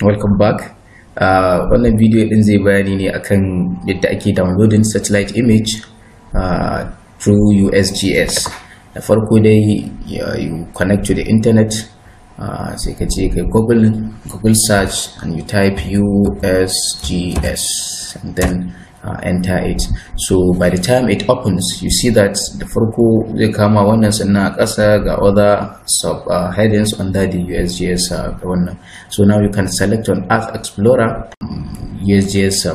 welcome back uh, wannan video din zai bayani ne akan yadda ake downloading satellite image uh, through usgs da farko dai uh, you connect to the internet uh, sai ka je kai google google search and you type usgs and then uh, enter it so by the time it opens you see that the farko the kama wannan sannan a ƙasa ga other sub uh, headings under the usgs one. Uh, so now you can select on earth explorer um, usgs uh,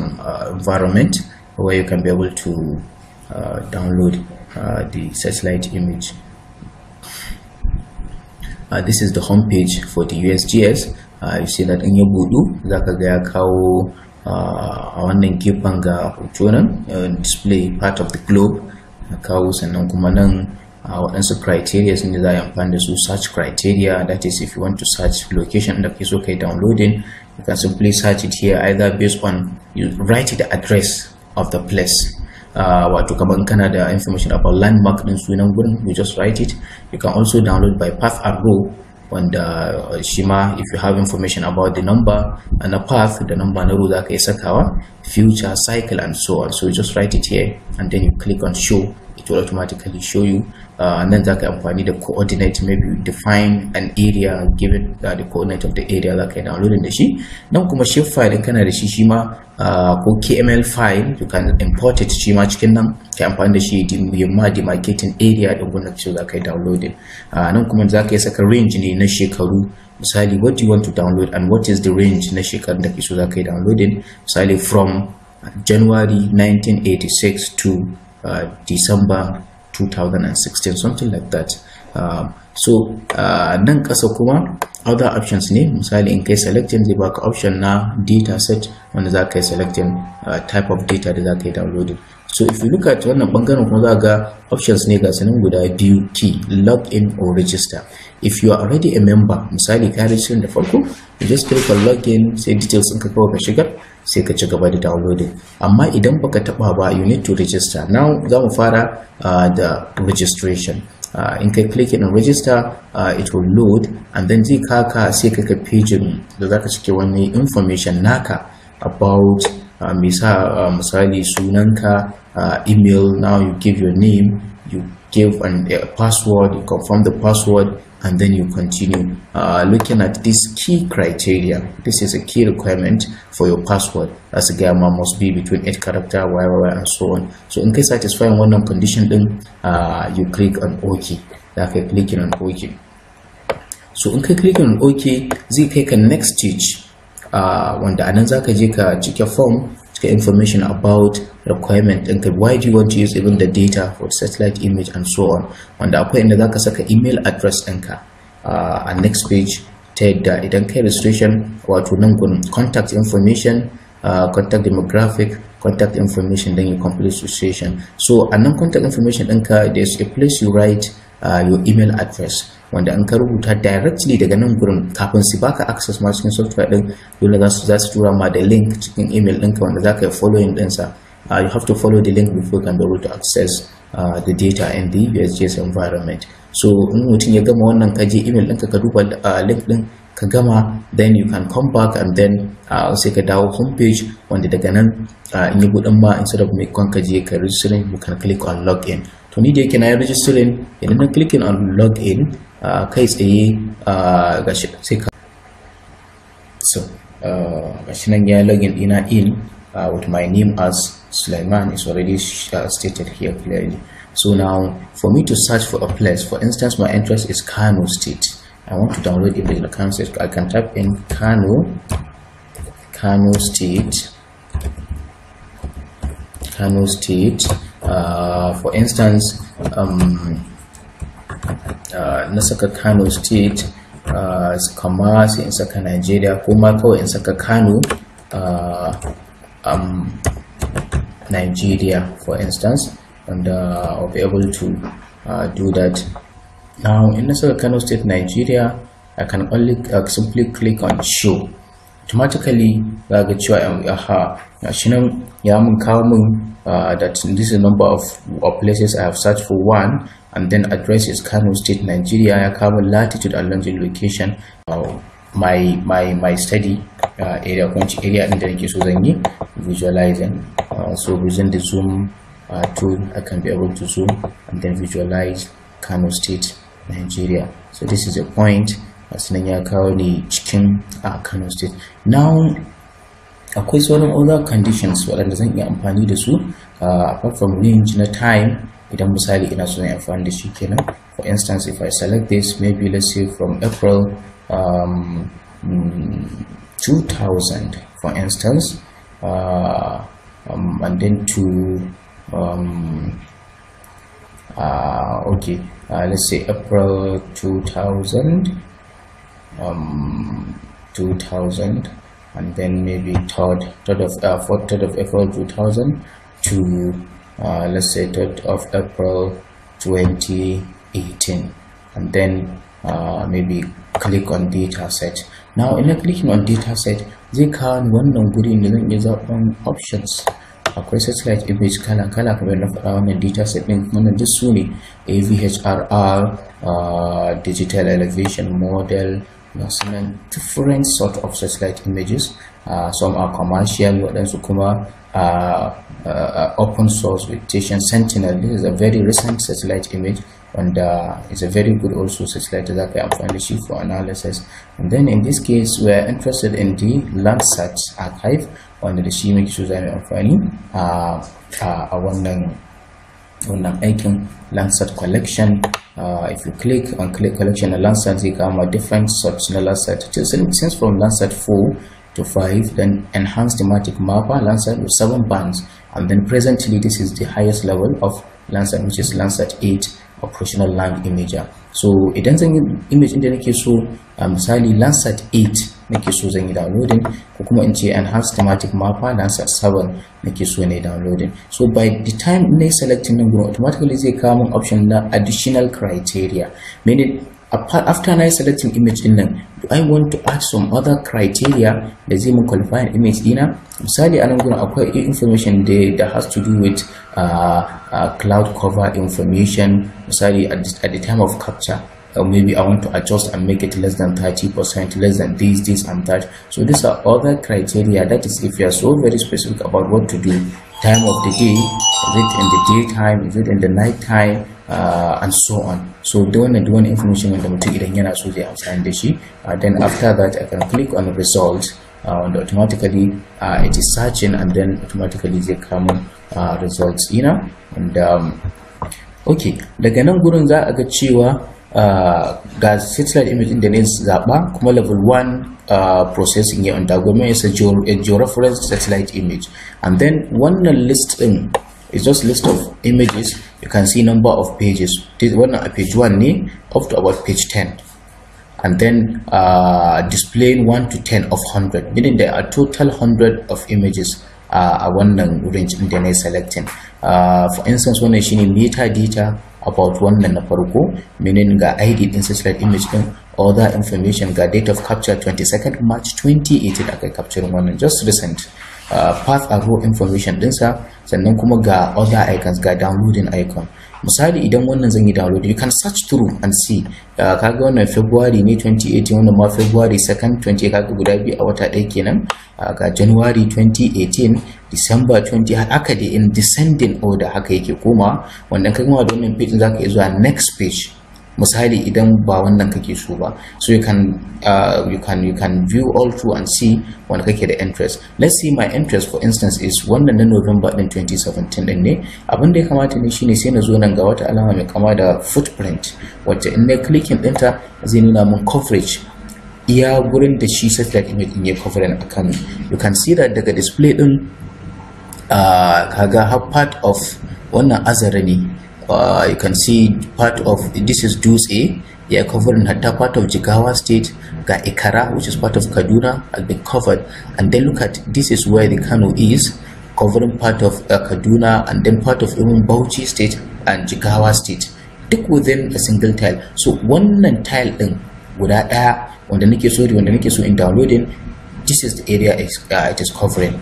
um, environment where you can be able to uh, download the satellite image uh, this is the home page for the USGS uh, you see that in your Budu zaka ga ya kawo Ah, a wannan gefen ga hoto eh, display part of the globe na kawo sannan kuma nan a waɗansu criteria sun za a yi amfani da su search criteria that is if you want to search location da ke so kai downloading you can simply search it here either based on you write the address of the place uh, wato kamar kana da information about landmark din sunan gurin you just write it you can also download by path and row And shi uh, shima if you have information about the number and the path the number and the zaka future cycle and so on so you just write it here and then you click on show it will automatically show you uh, and then za ka amfani da coordinate maybe you define an area given uh, the coordinate of the area za ka yi the da shi nan kuma shift file kana da shi shi uh, ko kml file you can import it shima ma cikin nan ka amfani da shi yin ma demarcating area da gwamnati za ka yi downloading uh, nan kuma za ka yi saka range ne na shekaru misali what do you want to download and what is the range na shekarun da ke so za ka yi downloading misali from January 1986 to Uh, December 2016 something like that um, so uh, nan kasa kuma other options ne misali in kai selecting zai baka option na data set wanda za ka yi selecting uh, type of data da za ka yi downloading so if you look at wannan bangaren kuma za ga options ne ga sanin guda biyu key log in or register if you are already a member misali ka register da farko you just click on login sai details ka kawai ka shigar sai ka ci gaba da downloading amma idan baka taba ba you need to register now za mu fara ah, da registration uh, in kai click on register uh, it will load and then zai kaka sai ka ka page da zaka cike wani information naka about uh, misa uh, misali sunanka uh, email now you give your name you give an, a eh, password you confirm the password and then you continue uh, looking at this key criteria this is a key requirement for your password as a gamma must be between 8 character YYY and so on so in case satisfying one condition then uh, you click on OK like ka clicking on OK so in kai clicking on OK zai kai ka next stage uh, wanda anan zaka je ka cike form the information about requirement ɗinka why do you want to use even the data for satellite image and so on wanda akwai inda zaka saka email address ɗinka uh, a next page ta yadda idan kai registration wato nan gun contact information uh, contact demographic contact information then you complete registration so a nan contact information ɗinka there's a place you write uh, your email address wanda an ka rubuta directly daga nan gurin kafin su baka access ma cikin software din dole za su za su tura ma da link cikin email ɗinka wanda za ka yi following ɗinsa uh, you have to follow the link before you can be able to access uh, the data in the USGS environment so in mutum ya gama wannan ka je email ɗinka ka duba uh, link ɗin ka gama then you can come back and then uh, sai ka dawo page wanda daga nan uh, in yi buɗin ma instead of mai kwan ka je ka registering you can click on login to ni da yake na yi registering idan na clicking on login case uh, tsaye uh, so uh, I nan ya login dina in with my name as Suleiman is already stated here clearly. So now for me to search for a place, for instance, my interest is Kano State. I want to download it in Kano State. I can type in Kano, Kano State, Kano State. Uh, for instance, um, Uh, na saka kano state uh, kama sai in saka nigeria ko ma kawai in saka kano uh, um, nigeria for instance and uh, I'll be able to uh, do that now in na saka Kano State Nigeria I can only uh, simply click on show automatically za ga cewa um, aha shi nan ya mun kawo mun that this is the number of, of places I have searched for one and then address is Kano State, Nigeria, cover latitude and longitude location. Uh, my my my study uh, area which area in the nake so visualizing uh, so using the zoom uh, tool i can be able to zoom and then visualize Kano state Nigeria so this is a point as Nigeria kawo ni cikin uh, Kano state now akwai sauran other conditions waɗanda zan iya amfani uh, apart from range and time idan misali ina so amfani da shi kenan for instance if i select this maybe let's say from april um, 2000 for instance uh, um, and then to um, uh, okay uh, let's say April 2000 um, 2000 and then maybe third third of uh, fourth third of April 2000 to uh, let's say 3rd of April 2018 and then uh, maybe click on data set now in clicking on data set they can ni wannan good in the options. zaɓen options akwai like image color, color, kamar of our wannan data set ɗin wannan duk su avhrr uh, digital elevation model gasu different sort of satellite images uh, some are commercial waɗansu kuma uh, uh, uh, open source with Titian Sentinel. This is a very recent satellite image and uh, it's a very good also satellite that I am finding for analysis. And then in this case, we are interested in the Landsat archive wanda the shi muke so za mu amfani uh, uh, a wannan wannan aikin Landsat collection. Uh, if you click on click collection a Landsat, you come a different sorts of Landsat. Since from Landsat 4 to 5, then enhanced thematic mapper Landsat with 7 bands. and then presently this is the highest level of Landsat which is Landsat 8 operational land imager so idan zan yi image inda nake so a uh, misali Landsat 8 nake so zan yi downloading ko kuma in ce enhanced thematic mapper seven 7 nake so ne downloading so by the time na selecting nan gurin automatically zai kawo min option na additional criteria meaning after select selecting image in nan do i want to add some other criteria da zai mun qualify an image dina I'm going to acquire information there that has to do with uh, uh, cloud cover information Sorry, at, at the time of capture or uh, maybe I want to adjust and make it less than 30%, less than this, this and that. So these are other criteria. That is if you are so very specific about what to do, time of the day, is it in the daytime, is it in the night time, uh, and so on so the one the one information wanda mutum idan yana so zai amfani da shi uh, then after that i can click on result uh, and automatically uh, it is searching and then automatically zai uh, results ina and um, okay daga nan gurin za a ga cewa ga satellite image da ne zaɓa kuma level 1 uh, processing ya undergo mai sa reference satellite image and then wannan list din it's just list of images you can see number of pages this one a uh, page one ne up to about page 10 and then uh, displaying one to ten of hundred, meaning there are total hundred of images uh, one wannan range in the na selecting uh, for instance wannan shine meter data about wannan na go, meaning the id din satellite image all other information the date of capture 22nd march 2018 okay, capturing one just recent path and row information dinsa sannan kuma ga other icons ga downloading icon misali idan wannan zan yi download you can search through and see kaga wannan february ne 2018 wannan ma february 2nd 20 kaga guda biyu a wata ɗaya kenan ga january 2018 december 20 haka dai in descending order haka yake koma wannan kaga wannan page zaka iya zuwa next page misali idan ba wannan kake so ba so you can uh, you can you can view all through and see wanda kake da interest let's see my interest for instance is wannan na November din 2017 din ne abin da ya kamata ne shine sai na zo nan ga wata alama mai kama da footprint wacce in na clicking dinta zai nuna mun coverage iya gurin da shi satellite image din ya an akan you can see that daga display din uh, kaga har part of wannan azara ne uh, you can see part of this is Duse A. They are covering Hatta part of Jigawa state, Ga Ikara, which is part of Kaduna, has been covered. And then look at this is where the Kano is, covering part of uh, Kaduna and then part of even Bauchi state and Jigawa state. Take within a single tile. So one tile din guda ɗaya wanda nake so wanda nake so in downloading this is the area uh, it is covering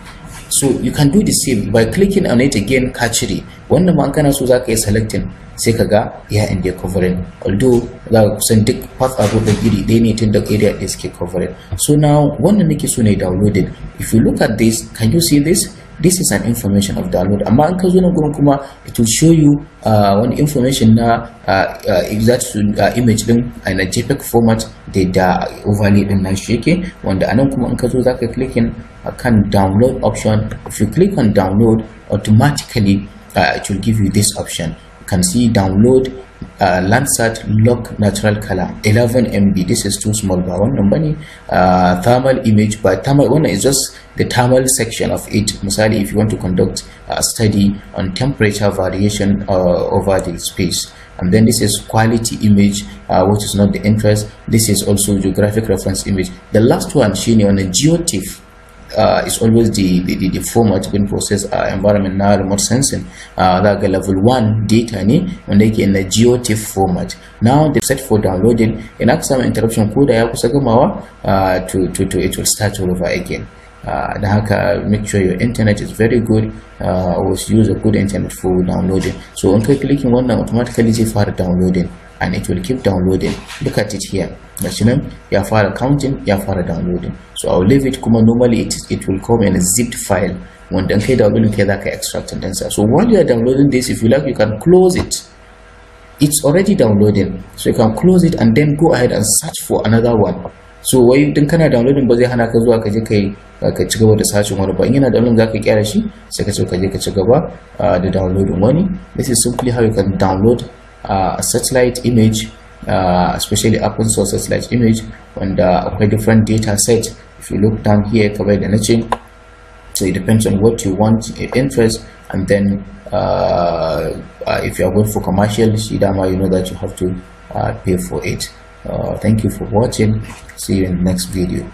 so you can do the same by clicking on it again kachiri wannan ma kana so zaka yi selecting sai ka ga ya inda ya covering although za kusan duk part abu da iri ɗaya ne tun da area da suke covering so now wannan nake so na downloaded if you look at this can you see this this is an information of download amma in ka zo nan gurin kuma it will show you uh, wani information na uh, uh, exact uh, image din a uh, na jpeg format da da overlay din nan shi yake wanda anan kuma in ka zo zaka clicking akan uh, download option if you click on download automatically uh, it will give you this option you can see download uh, Landsat log natural color 11 MB this is too small by one number. uh, thermal image by thermal one is just the thermal section of it misali if you want to conduct a study on temperature variation uh, over the space and then this is quality image uh, which is not the interest this is also geographic reference image the last one shine on a geotiff uh, is always the, the, the format bin process a uh, environment na remote sensing uh, za level one data ne wanda yake na geotiff format now they set for downloading in after samu interruption ko I ya kusa gamawa uh, to, to, to it will start all over again uh, da haka make sure your internet is very good uh, always use a good internet for downloading so in kai clicking wannan automatically zai fara downloading and it will keep downloading look at it here gashi ya fara counting ya fara downloading so I'll leave it Kuma normally it, it will come in a zipped file When the downloading kai extract and sa so while you are downloading this if you like you can close it it's already downloading so you can close it and then go ahead and search for another one so while you are downloading ba zai hana ka zuwa ka je kai ka ci gaba da sashin wani ba in yana downloading zaka kyara shi sai ka ce ka je ka ci gaba ah, this is simply how you can download uh, ah, a satellite image uh, especially open source satellite image wanda a different data set if you look down here covered energy so it depends on what you want interest and then uh, uh, if you are going for commercial shidama you know that you have to uh, pay for it uh, thank you for watching see you in the next video